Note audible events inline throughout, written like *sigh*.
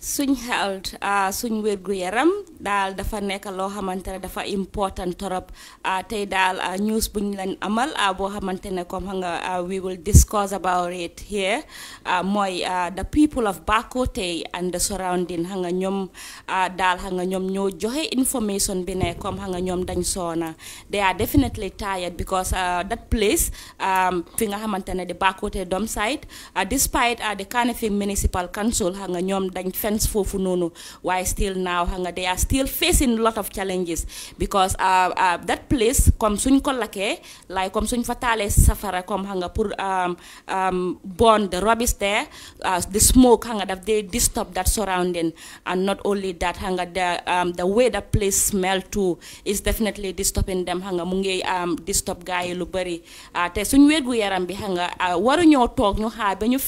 suñ health ah, suñ wérgu yaram daal dafa nekk loo xamante ne dafa important torop ah, tey daal ah, news buñ leen amal boo xamante ne comme xam nga we will discuss about it here mooy the people of Bakoteh and the surrounding xam nga ñoom daal xam nga ñoom ñoo joxe information bi ne comme xam nga ñoom dañ soona they are definitely tired because that place fi nga xamante ne di Bakoteh Dome site despite the Kanifing municipal council xam nga ñoom dañ fe defense foofu noonu still now xam they are still facing a lot of challenges because uh, uh, that place comme suñ ko lakkee like comme suñ fa safara comme xam um, um, burn the rubbish there uh, the smoke xam nga disturb that surrounding and not only that the um, the way that place smell too is definitely disturbing them xam nga mu ngi disturb gaa yi lu bëri te suñ wérgu yaram bi xam nga waruñoo toog ñu xaar ba ñu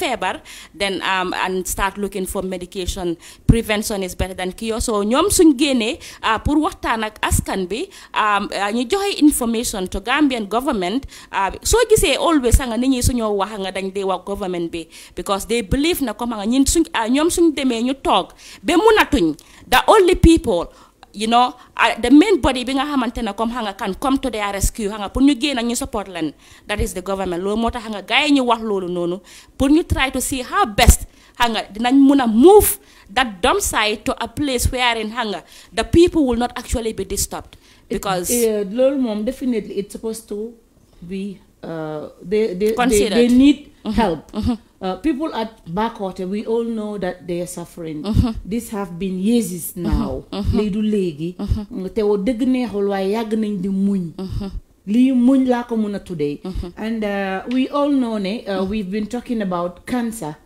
then and start looking for medication prevention prevention is better than cure so ñoom suñ génnee ah, pour waxtaan ak askan bi ah, ah, ñu joxe information to Gambian government soo gisee always nga nit ñi suñoo wax nga dañ dee wax government bi because they believe na comme nga ñun suñ ñoom suñ demee ñu toog ba munatuñ the only people you know the main body bi nga xamante ne comme xam kan come to the rescue Hanga, nga pour ñu génn ñu support land. that is the government loolu moo Hanga, xam nga gars yi ñu wax loolu noonu pour ñu try to see how best Hanga, nga dinañ mun move that dump site to a place where in hanga the people will not actually be disturbed because low mom, definitely it's supposed to be uh, they they they need mm-hmm. help mm-hmm. Uh, people at backwater, we all know that they are suffering. Mm -hmm. This have been years uh-huh. now. Uh-huh. léegi du legi, te woo dëgg neexul and uh, we all know ne uh, we've been talking about cancer.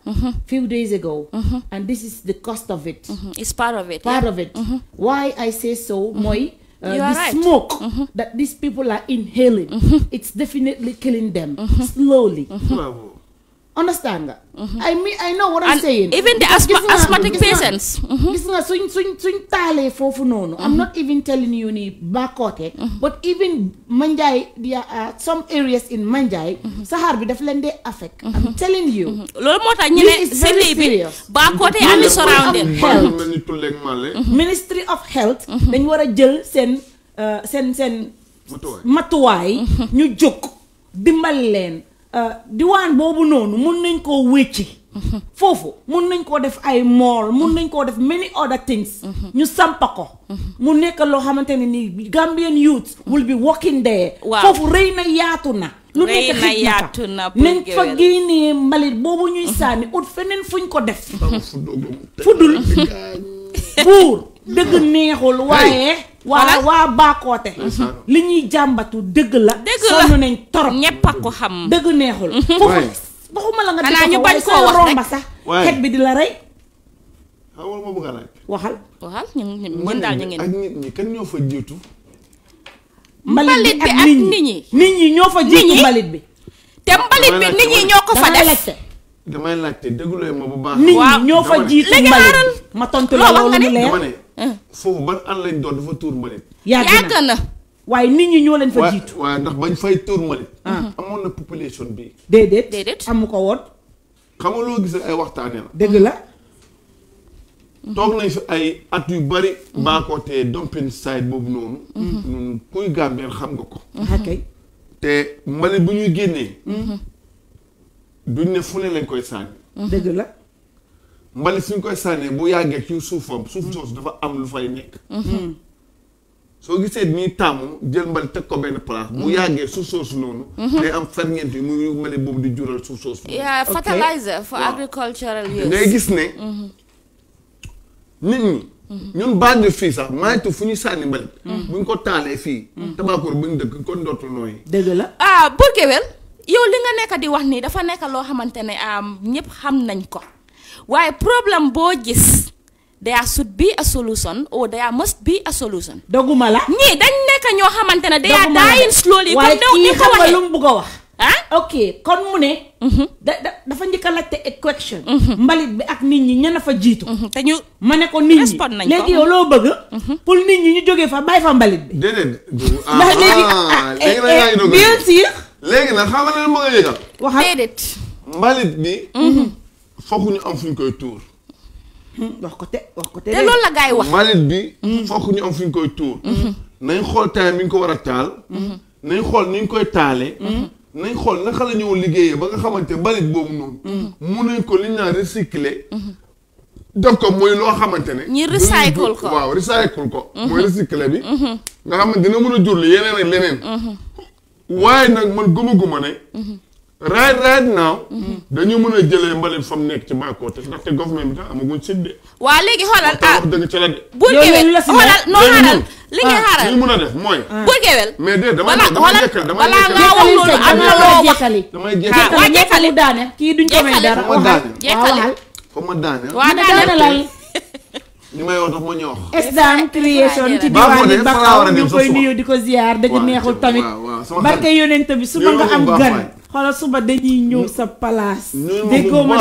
few days ago. and this is the cost of it. it's part of it. part yeah. of it. why I say so mooy. Uh, the right. smoke mm -hmm. that these people are inhaling, mm -hmm. it's definitely killing them mm -hmm. slowly. understand nga. Mm-hmm. I mean I even the asthmatic patients. Mm-hmm. gis nga suñ suñ suñ taalee foofu noonu. I'm mm-hmm. not even telling you ni Bakoteh. but even Manjai there uh, are some areas in Manjai. saxaar bi daf leen dee affect. I'm telling you. loolu moo tax ñu ne city bi Bakoteh and the surrounding. Ministry of Health. dañ war a jël seen uh, seen seen. matuwaay ñu jóg dimbal leen. Euh, diwaan boobu noonu mun nañ koo wécci mhm. foofu mun nañ koo def ay mool mun nañ koo def many other things mhm. ñu sampa ko mhm. mu nekk loo xamante ne nii Gambian youth will be working there foofu rëy na yaatu na lu nekk xit yaatu na nañ fa génnee mbalit boobu ñuy sànni ut feneen fuñ ko def fuddul buur dëgg neexul waaye wa waa waa baakoote li liñuy jambatu deug la sonn nañ torop ñepp ko xam deug neexul *laughs* waxuma la nga dëgg ñu bañ ko wax rek xet bi di la rey xawal mo bëgg laaj waxal waxal ñu ñun dal ñu ngeen ak nit ñi kan ñofa jitu jiitu mbalit bi ak nit ñi nit ñi ñofa jitu jiitu mbalit bi te mbalit bi nit ñi ñoko fa def damay laajte déglu mo bu baax nit ñi ñoo fa jiitu mbalit ma tontu la lolu ñu leer foofu ban an lañ doon dafa tuur mbalit. yàgg na waaye nit ñi ñoo leen fa jiitu. waaw ndax bañ fay tuur mbalit. Ah. amoon na population bi. déedéet déedéet amu ko woon. xam nga loo gis ay waxtaane la. dëgg la. toog nañ fi ay at yu bari. baakootee dumping site boobu noonu. ñun mm-hmm. kuy gàmbeel xam nga ko. Mm-hmm. te mbalit bu ñuy génnee. Mm-hmm. duñ ne fu ne lañ koy sànni. dëgg la. mbalit fi ñu koy sànnee bu yàggee ci suufam suuf soosu dafa am lu fay nekk mhm. soo gisee nii taamu jël mbalit teg ko benn place mu mhm. yàggee suuf soosu noonu mhm. day am ferñeent yi muy mbalit boobu di jural suuf soosu yaa fertilizer for agricultural use ngay gis ne nit ñi ñun baal ñu fii sax maytu fu ñu sànni mbalit. bu ñu ko taalee fii. Tabakor bu ñu dëkk ko dootul nooyi. dëgg la ah Bour yow li nga nekk di wax nii dafa nekk loo xamante ne ah, ñëpp xam nañ ko. waaye problème boo gis there should be a solution or there must be a solution. doguma la ñii dañ nekk ñoo xamante ne. doguma la day dying slowly. waaye kii kon mu ne. Mhm. da dafa njëkk mhm. bi ak nit ñi ñan a fa jiitu. Mhm. te ñu ma ne ko nit ñi léegi yow loo bëgg. pour nit ñi ñu jógee fa bàyyi fa mbalit bi. déedéet. *laughs* ndax léegi ah, ah, ah eh, eh, bien sûr. léegi nag xam nga ne ma nga yëgal. waxal déedéet. mbalit bi. foog ñu am fu ñu koy tuur. Hmm, wax ko te wax ko loolu la gars yi wax. mbalit bi. Hmm. foog ñu am fu ñu koy tuur. Hmm. nañ xool taay mi ñu ko war a taal. nañ xool ni ñu koy taale nañ xool naka la ñëw liggéeyee ba nga xamante mbalit boobu noonu. mun nañ ko li ñu naan recycler. def ko mooy loo xamante ne. ñu recycle ko waaw recycle ko. mooy recycler bi. nga xam ne dina mën a jur yeneen ak leneen. waaye nag man gëmaguma ne. right right now. Mm-hmm. dañu mën a jëlee mbalit fa mu nekk ci bàkkoote ndaxte government bi tam amaguñ si de. waa léegi xoolal ah wax dëgg la de. buur géwél xoolal noo li nga ah, xaaral li ñu mën a def mooy. Ah. buur géwél. mais de dama dama jekkali dama jekkali balaa jekkali ah, waa kii duñ ko may dara waxal jekkali fa ma daane. waa daane lay. li may wax dafa ma ñor. Exdaan création ci diwaani Bakkaw ñu koy nuyu di ko ziar dëgg neexul tamit barke yonent bi su ma nga am gan xoolal suba dañuy ñëw sa place. déggoo ma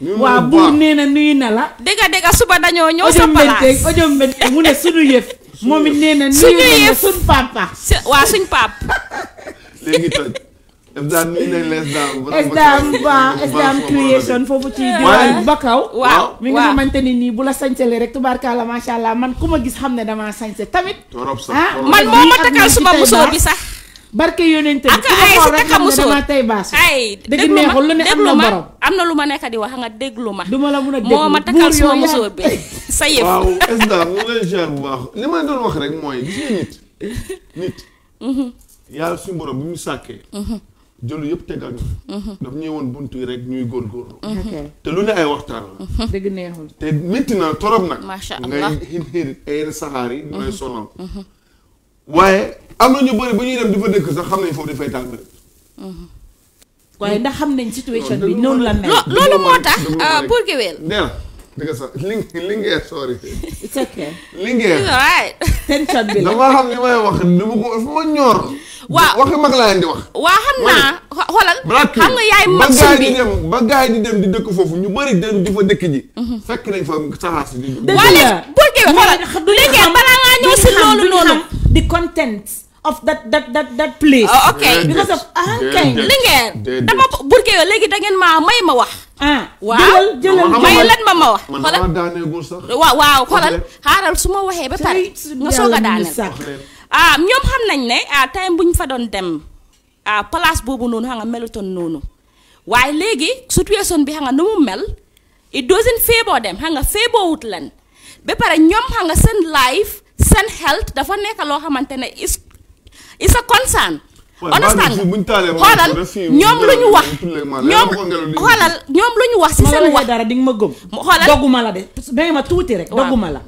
de waa buur nee na nuyu na la. dégg nga dégg suba dañoo ñëw sa place audio mbénteeg mu ne sunu yëf. moom it nee na nuyu na la sunu papa. waa suñ pap léegi toj. Esdam mi ne la Esdam. ba Esdam création foofu ci diwaan Bakaw. waaw mi nga xamante ne bu la sañsele rek tubaarkaala macha allah man ku ma gis xam ne damaa tamit. torop sax ah, man moo ma takkal suma musoo bi sax barke yonenté ak ay sa ka musul dama tay bass ay deug neexul lu ne am na borom amna luma nek di wax nga deglu ma duma la mëna deglu moma takal suma musul bi *laughs* sa yef waaw est da mu lay jaar bu baax li ma doon wax rek moy gis nga nit nit hmm yaa su borom bu mu saké hmm jëlu yëpp tegal hmm daf ñuy won buntu rek ñuy gor gor hmm te lu ne ay waxtaan la mhm. dëgg neexul te metti na torop allah ngay hin hin ay sahari yi ñooy hmm mhm. waye am na ñu bëri ba ñuy dem di fa dëkk sax xam nañ foofu dafay tàng. Mm-hmm. waaye ndax xam nañ situation bi noonu la mel. loolu moo tax ah, pour géwél. nee na dëgg sax li li ngeen sori. it's okay. li ngeen. tension bi la dama xam li may wax dama ko fu ma ñor. waaw waxi mag laa leen di wax. waa xam naa xoolal. xam nga dem di dëkk foofu ñu bëri dem di fa dëkk ji. Mm-hmm. fekk nañ fa saxaar si. dëgg la waaye bu balaa ngaa ñëw si loolu noonu. di content. of that that that that place. Oh, ok because ah, dama Bourgueil léegi da ngeen may ma wax. ah waaw jëlal may lan ma ma wax. xoolal man waaw waaw xaaral su ma waxee ba pare. nga soog a daaneel ah ñoom xam nañ ne ah time bu ñu fa doon dem ah boobu noonu xam nga melutoon noonu waaye léegi situation bi xam nga nu mu mel it doesn't feeboo dem xam nga feeboowut lan ba pare ñoom xam nga seen life seen health dafa nekk loo xamante ne it's a concern. understand xoolal ñoom lu ñu wax ñoom xoolal ñoom lu ñu wax si seen wax dara di nga ma gëm xoolal dogguma la de ba ma tuuti rek dogguma la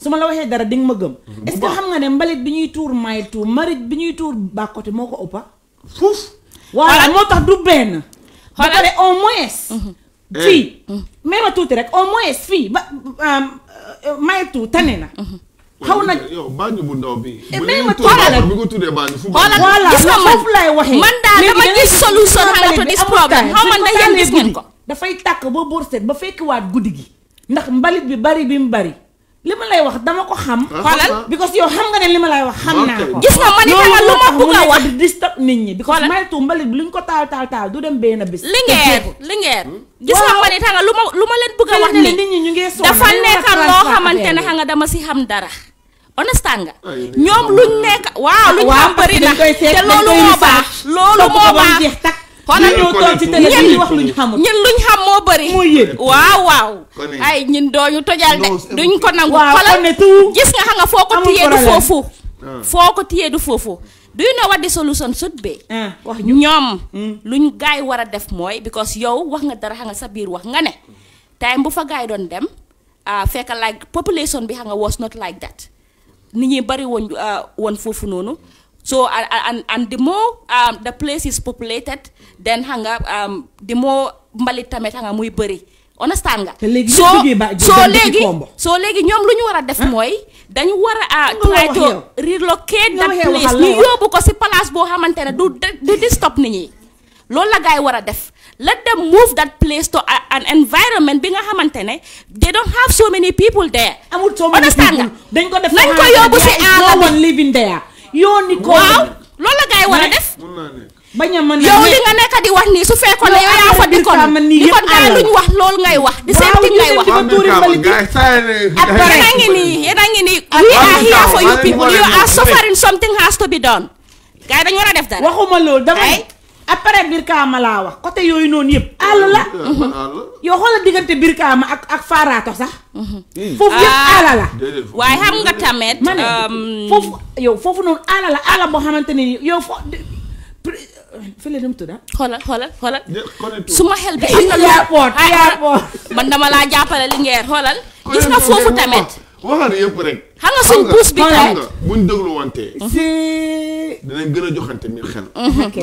su ma la waxee dara di nga ma gëm mm-hmm. est-ce que xam nga ne mbalit bi ñuy tuur may tuur marit bi ñuy tuur bàkkote moo ko ëppa ah? fuuf voilà moo tax du benn ba pare au moins mm-hmm. fii mm-hmm. may ma tuuti rek au moins fii ba euh, euh, may tuur tane na xaw na yow Banjul bu ndaw bi. Eh, mais ma xoolal bi ko tuddee Banjul fu. xoolal gis nga man lay waxee. man daal dama gis solution xala to this problem xaw ma ndax yéen gis ngeen ko. dafay tàkk ba buur set ba fekkiwaat guddi gi ndax mbalit bi bari bi mu bari li ma lay wax dama ko xam. Ah, xoolal ah. because yow xam nga ne li ma lay wax xam naa ko. gis nga man itam lu ma bëgg a wax di nit ñi. because maytu mbalit bi luñ ko taal taal taal du dem benn bis. lingeer lingeer. Hmm? gis nga man itam lu ma lu ma leen bëgg a wax nii dafa nekk loo xamante ne dama si xam dara honnêtement nga ah, ñoom luñ nekk waaw luñ am bëri na te loolu moo baax loolu moo baax xoolal ñu luñ xam moo bëri waaw waaw ay ñun dooñu tojal de duñ ko nangu xoolal gis nga xam nga foo ko téyee du foofu ah. ko téyee du foofu do you know what the solution should be ah. ñu ñoom hmm. luñ gaay war a def mooy because yow wax nga dara xam nga sa biir wax nga ne time bu fa gaay doon dem fekk like population bi xam nga was not like that nit ñi bari woon uh, woon foofu noonu so and and the more um, the place is populated then xam nga um, the more mbalit tamit xam nga muy bëri understand nga. soo soo léegi soo léegi ñoom lu ñu war a def mooy. dañu war a uh, try to relocate that place ñu yóbbu ko si place boo xamante ne du du di stop nit ñi loolu la gars yi war a def. let them move that place to a, an environment bi nga xamante ne they don't have so many people there. amul so many dañ ko def. nañ ko yóbbu si àll bi loolu la gars yi war a def. bañ a mën yow li nga nekk di wax nii su fekkoon ne yow yaa fa di kon di kon gars wax loolu ngay wax. di seen ngay wax waaw yéen a ngi nii yéen a ngi nii. we are here for you people you are suffering something has to be done. gars yi dañu a def dara après Birkaama laa wax côté yooyu noonu yëpp. Ah, àll la ah, yow xoolal diggante Birkaama ak ak Faaraato sax. Mm-hmm. foofu yëpp ah. àll waaye xam nga tamit. Um, foofu yow foofu noonu àll la àll boo xamante ne yow fo. fële nu mu tudd xoolal xoolal xoolal. su ma xel bi am na. airport airport man dama laa jàppale li ngeer xoolal. gis nga foofu tamit. waxal yëpp rek. xam nga suñ puus bi tey buñ déglu wante. dinañ gën a joxante mi xel.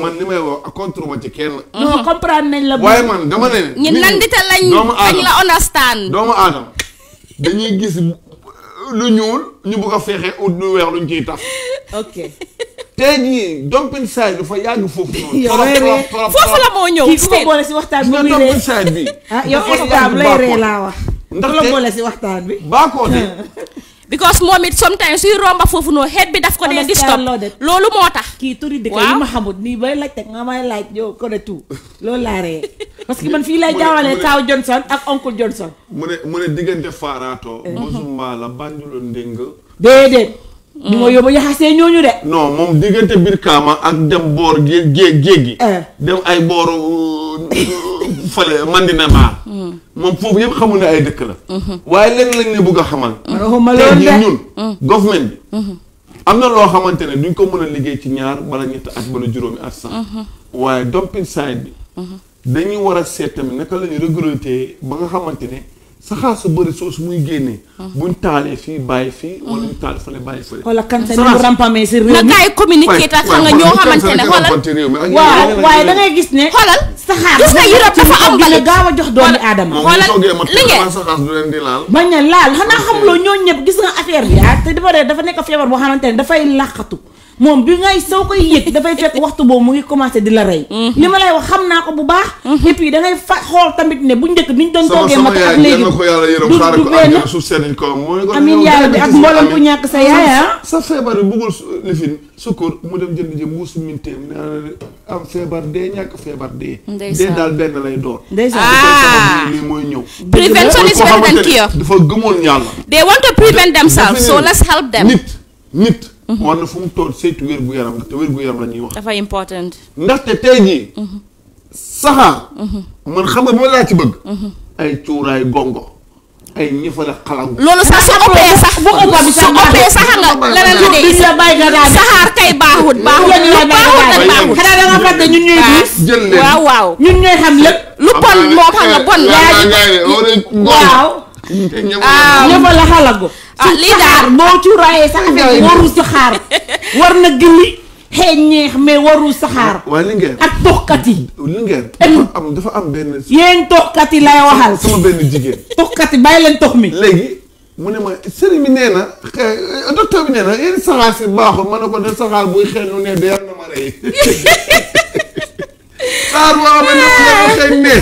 man li may wax contre ma ci kenn. non la. waaye man dama ne. ñun nan dita lañ. doomu la understand. dañuy gis lu ñuul ñu bëgg a feexee ut lu weex lu ciy taf. ok. tey jii Dompin Saay dafa yàgg foofu noonu. yow foofu la moo ñëw. kii ku ah, yow état lay ree laa ndax la boole si waxtaan bi *laughs* because momit sometimes you romba fofu no head bi daf ko dee disturb loolu moo tax kii turi dëkk yi mahamoud ni bay laj tek nga may laj yo ko de tout lolou la ree parce que man fi lay *laughs* jawale taw Johnson ak oncle Johnson mune mune mu farato, diggante faaraato eh. mosuma la bànjulo ndéng ni mo mm. yobo ya xasse ñooñu de non mom diggante bir kama ak dem bor geeg geeg gi eh. dem ay bor euh, fele mandina ma moom foofu yëpp xamul ne ay dëkk la. waaye léeg lañ ne bugg a xamal. tey jii ñun. Mm. government bi. Mm-hmm. am na loo xamante ne duñ ko mën a liggéey ci ñaar bala ñetti at bala juróomi at sax. Mm-hmm. waaye dumping site bi. Mm-hmm. dañuy war a seet tamit naka la ñu réguler ba nga xamante ne saxaar su bëri soosu muy génnee. buñ taalee fii bàyyi fii. wala ñu taal bàyyi fële. wala kansa ni mu nga ñoo xamante ne waaye da gis ne xoolal. saxaar gis nga Europe dafa am bale gaaw a jox doomu aadama li ngeen ma ne laal xanaa xamuloo ñoo ñëpp gis nga affaire bi ah te dafa dee dafa nekk feebar boo xamante ne dafay làqatu mom bi ngay saw koy da fay fek waxtu bo mu ngi commencer di la ray mhm. lima lay wax xamna ko bu baax. Mhm. et puis da ngay xol tamit ne buñ dekk niñ doon toge ma ak léegi sama xaar ko yàlla suuf seen ko amiin yàlla bi ak mbolam bu ñak sa yaaya ah. sa feebar bi lifin sukur mu dem jënd ji mu su minté am febar de ñak febar de de dal ben lay doon. ndeysaan ah lii mooy prevention is better than cure dafa they want to prevent themselves so let's help them. nit nit. Mm-hmm. war na fu mu toll saytu wér gu yaram te wér gu yaram la ñuy wax. dafa important. ndaxte tey jii. Mm-hmm. saxaar. Mm-hmm. man xam nga ci bëgg. ay cuuraay gongo. ay ñëfale xalangu. loolu sax su ëppee sax bu ëpp bi sax nga leneen la dee saxaar kay baaxut baaxut lu baaxut nag baaxut. xanaa da nga fàtte ñun ñooy gis. jël leen waaw waaw. ñun ñooy xam lépp. lu bon moo xam nga bon. yaa ngi waaw. ñëfale xalangu. ah lii daal moo ci raye sax ne waru saxaar war na gëli xeeñ ñeex mais waru saxaar. Ah, waaye Linguère ak toxkat yi. Linguère eh, dafa am dafa am benn. yéen toxkat yi lay waxal. sama benn jigéen. toxkat yi bàyyi leen tox mi. léegi mu ne ma sëriñ bi nee na eh, docteur bi nee na saxaar si baaxul ma ne ko de saxaar buy xeeñ ne de yar na ma rey. *laughs* saxaar boo xam ne xëy ne.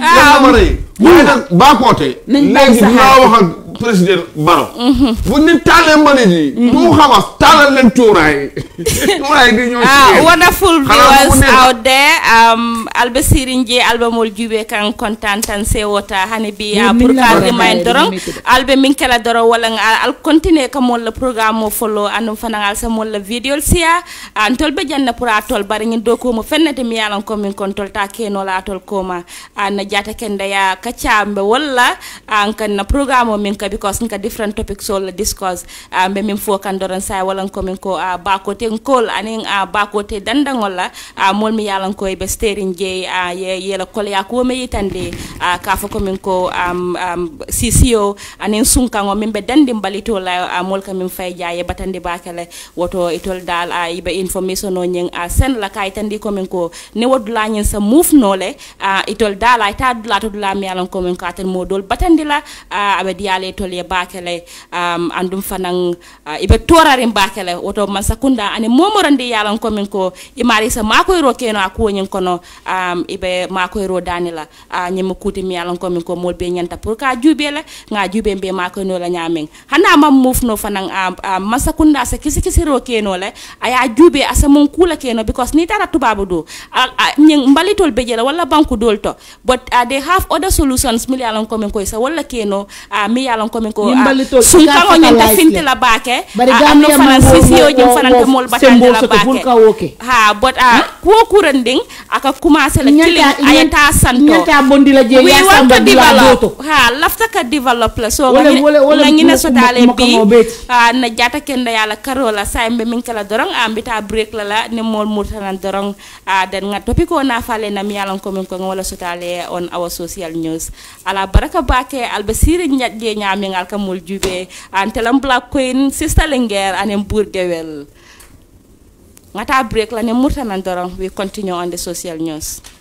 waaw ah. yar na ma rey. Ah. nañ bàyyi saxaar président Baro. Mhm. bu nit taalee mbalit yi. Mhm. bu xamas taalal leen cuuraay. *laughs* cuuraay di ñëw si wonderful viewers out there um, alba sirin je alba mol juɓe kan kontan tan sewota hane mbiya ah, pour kardema en doron alba min kala doron walla al continue ko molla programme o follo andum fanagal sa molla vidéol siya an ah, tolɓe janna pour a tol bara ñin dow komo fennete mi yalan komin kon tolta kenolaa tol koma an ah, jata kendaya kaccamɓe walla an kan programme o min ka ka because nka different topics all discuss uh, ah, mbe min fo kan doran sa walan ko min ko uh, ah, bakote ngol anin uh, ah, bakote dandangol la uh, mol mi yalan ko be steering je uh, ye yela kol ya ko me yitande uh, ka fo ko min ko um, um, CCO anin sunkango min be dandi mbalito la uh, mol ka min fay jaye batande bakale woto itol dal uh, ibe information no nyen uh, sen la kay tandi ko min ko ne wodula nyen sa move no le uh, itol dal ay ta dula to yalan ko min ko atel modol batande la uh, abe diale tole bakele um, andum fanan uh, ibe torarin bakele woto man sakunda ani momorandi yalan komin ko imari sa makoyro keno a kuwoñin kono um, ibe makoyro danila uh, la uh, ñima kuti mi yalan komin ko molbe be ñanta pour ka juube la nga juube be makoyno la ñamen hana mam mufno fanan um, um, man sakunda sa kisi kisi ro keno le aya juube asa mon kula keno because ni tara tubabu do ñing mbalitol be jela wala banku dolto but uh, they have other solutions mi yalan komin ko isa wala keno uh, mi yalan kanko min ko fulkaŋo ñinta finte la baake anno fanan sisiyo ñin fananta mool batande la baake ha bot ah, a kuwo kuran ndin aka commencé la cilin ayata santo ñanta bondi la je ya samba la boto ha lafta ka develop la so nga ngina sotale bi na jata kenda yala karola saimbe min kala dorong ambita ah, break la la ne mool murtanan dorong ah, dan nga topiko na fale na mi yalan ko min ko wala sotale on our social news ala baraka baake albasiri ñat je ñam amingal ka mul jube black queen sister linger and em burgewel ngata break la ne murtanan dorong we continue on the social news